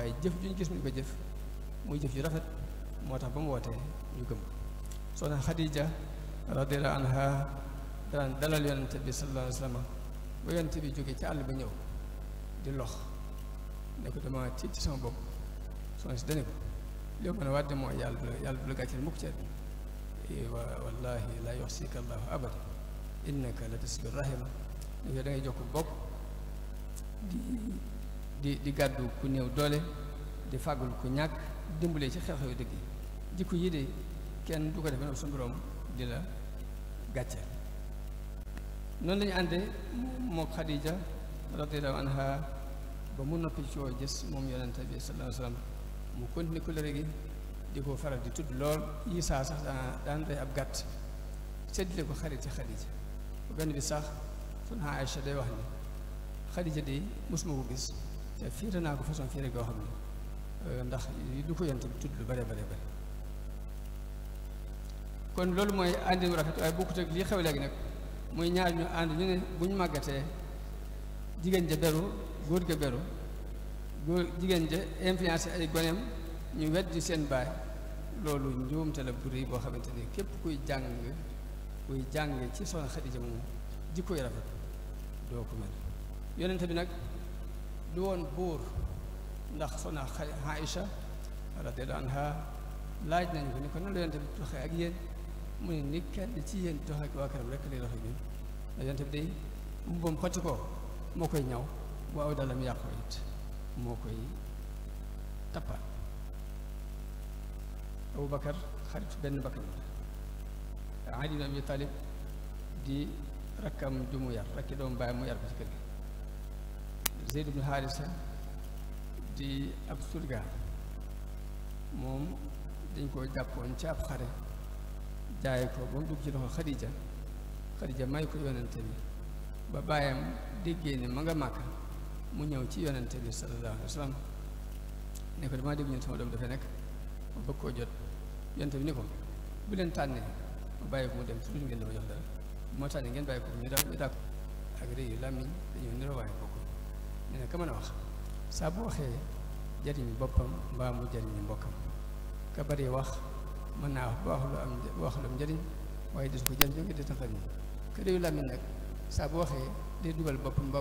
waaye jëf juñ gis ñu ko jëf muy jëf yu rafet moo tax ba mu wootee ñu gëm soxna Xadija radiyallahu anha daan dalal yonente bi sallallahu alayhi wa sallam ba bi jógee ci àll ba ñëw di lox ne ko dama tiit ci sama bopp soxna si dane ko léegi mën a wàdde mooy yàlla bu la yàlla bu la gàcceel mukk ci àddina eh, wa wallahi laa yuxsika allahu abada innaka la tasbir rahima da ngay jokk bokk di di di gàddu ku néew doole di fàggul ku ñàkk dimbalee ci xew-xew dëgg yi jikko yi de kenn du ko defee noonu suñu borom di la gàcce noonu lañu àndee moo Xadija radiyallahu anha ba mu noppi ci woo moom yonente bi sallallahu ko faral di tudd lool yi sax daan rey ab gàtt seddile ko xarit ci Xadija ba benn bi sax sunu Aïcha day wax ni Xadija de mosuma ko gis fiire naa ko façon fiire goo xam ne euh, ndax lu ko yonent bi tudd lu bare bare bare kon loolu mooy àndin rafet waaye bokkut ak lii xew léegi nag muy ñaar ñu ànd ñu ne bu ñu màggatee jigéen ja beru góor ga beru góor jigéen ja influencé ay goneem ñu di seen baay loolu njuumte la bu boo xamante ni képp kuy jàng kuy jàng ci soxna Xadija moom jikkoy rafet doo ko mel yonente bi nag du woon buur ndax sona Aïcha radiyallahu anha laaj nañu ko ni ko nan la yonte bi doxee ak yéen mu ne ni kenn ci yéen doxee ak waa këram rek lay doxee ñun ndax yonte bi day mbubbam xocc ko moo koy ñaw bu aw dalam yàqu it moo koy tappal Abu Bakar xarit benn bakkan la Ali ibn Abi di rakkam ju mu yar rakki doomu bàyyi mu yar ko ci kër gi Zeyd ibnu Haarisa di ab surga moom dañ koo jàppoon ci ab xare jaay ko ba mu dugg ci loxo Xadija Xadija may ko yonente bi ba bàyyam déggee ne ma nga màkka mu ñëw ci yonente bi sallallahu alayhi wa sallam ne ko damaa ñun sama doom dafay nekk ma bëgg koo jot yonente bi ni ko bu leen tànnee ma bàyyi ko mu dem su duñ ngeen dama jox dara bu tànnee ngeen bàyyi ko ñu daal ak réew làmmiñ dañoo niroo waaye nee eh, na ka mën a wax saa bu waxee jariñ boppam mbaa mu jariñ mbokkam ka bari wax mën naa wax ba wax lu am njariñ waaye des ko jariñ jóge des na xariñ ka réew làmmiñ nag saa bu waxee day mu dugal mu dugal boppam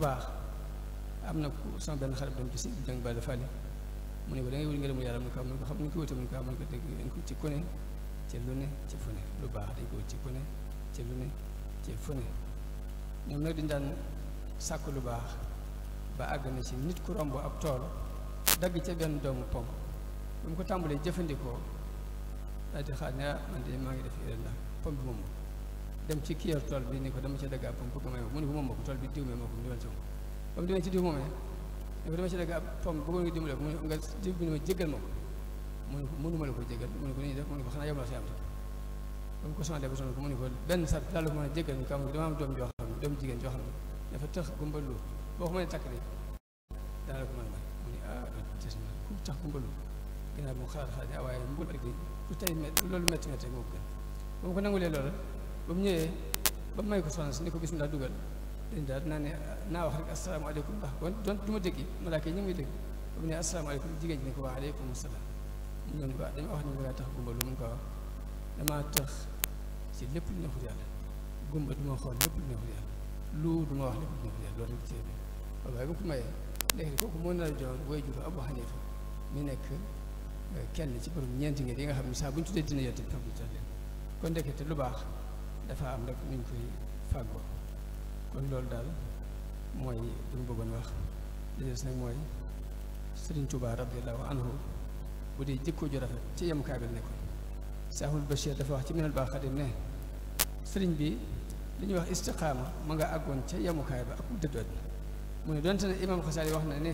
baax am na ku sama benn xarit dem ci si jàng ba dafa mu ne ko da mu ne ko am mu ne ko am na ko ci kone ci lu ne ci fu ne lu baax dañ ko ci ku ne ci lu ne ci fu ne ñoom nag dañ daan sàkku lu baax ba àgg na ci nit ku romb ab tool dagg ca benn doomu pom bu ko tàmbalee jëfandikoo daal di xaar ne ah man de maa ngi def pom bi moom dem ci kiyor tool bi ni ko dama ca dagg ab pom bëgg may mu ne ko bi diw mee ci diw moomee ne ko dama ci dagg ab pom bëggoon nga dimbale ko nga diw ma jéggal ma ko mu ne ko mënu ma la ko jégal mu ne ko nii def mu ne ko xanaa yomal xiyam sax ba mu ko sondee ba mu ko benn sart a jégal ni ko am dama am doom joo ko mënee takk de a may mu ne ah, na ku tax ah, ni ko bismillah dugal dañ daal naa ne naa wax rek asalaamaaleykum ndax kon doon du ma dégg malaaka yi ñu ngi dégg ba mu ne asalaamaaleykum jigéen ji ne ko waa aleykum ñoom ba dañoo wax ne walaa tax gumba lu mun ko wax damaa tax ci lépp lu neexul yàlla gumba du xool lépp lu neexul yàlla lu du ma wax lépp lu neexul yàlla loolu ci waaye bu ko mayee léegi kooku moo nar a nekk euh, kenn ci borom ñeenti ngeen yi nga xam ne saa bu ñu tuddee dina yonte bi xam leen kon ndekete lu baax dafa am rek ñu koy fàggoo kon loolu daal mooy li mu bëggoon wax li des nag mooy Sëriñ Tuubaa radiyallaahu anhu bu dee jikko rafet ci yem bi ne ko Seexul Bachir dafa wax ci minal ba xadim ne sëriñ bi lu ñuy wax istiqaama mu nga àggoon ca yemukaay ba ak dëddoot mu ne donte ne imam Xasaali wax na ne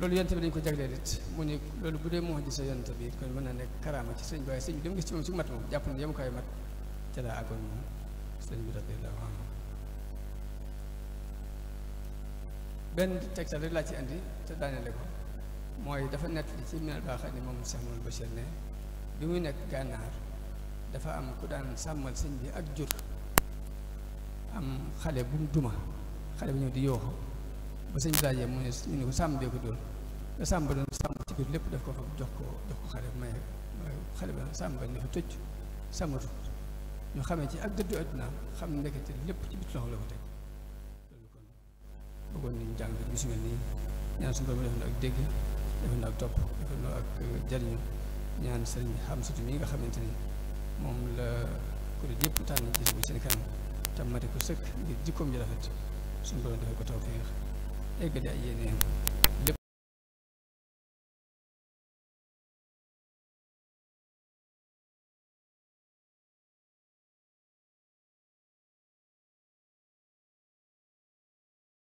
loolu yonte bi dañu ko jagleel it mu ne loolu bu dee moo gisa yonte bi kon mën na nekk karaama ci sëriñ bi waaye sëriñ bi dem gis ci moom ci mat moom jàpp ne yemukaay mat ca laa àggoon moom sëriñ bi radiyallahu anhu benn tegtal rek laa ci andi te daanele mooy dafa nett li ci minel baa xam ne moom Cheikh ba Bachir ne bi muy nekk gànnaar dafa am ku daan sàmmal sëñ bi ak jur am xale bu mu duma xale bi ñoo di yooxu ba sëñ bi laajee mu ne ñu ne ko sàmm bee ko dóor te sàmm ba doon sàmm ci biir lépp daf ko jox ko jox ko xale may xale sàmm ba dafa tëj sàmmatu ñu xamee ci ak dëddu àdduna xam nekkati lépp ci bit loxo la ko teg loolu kon bëggoon nañu jàng bi su nii ñaan suñu borom def na ak dégg defal na ak topp defal na ak jariñu ñaan sëriñ Xamsatu mi nga xamante ni moom la kuréel yëpp tànn gis bu seen kanam tam mate ko sëkk ngir jikkoom ji rafet suñu borom defal ko tawfeex egg di ay yéeneen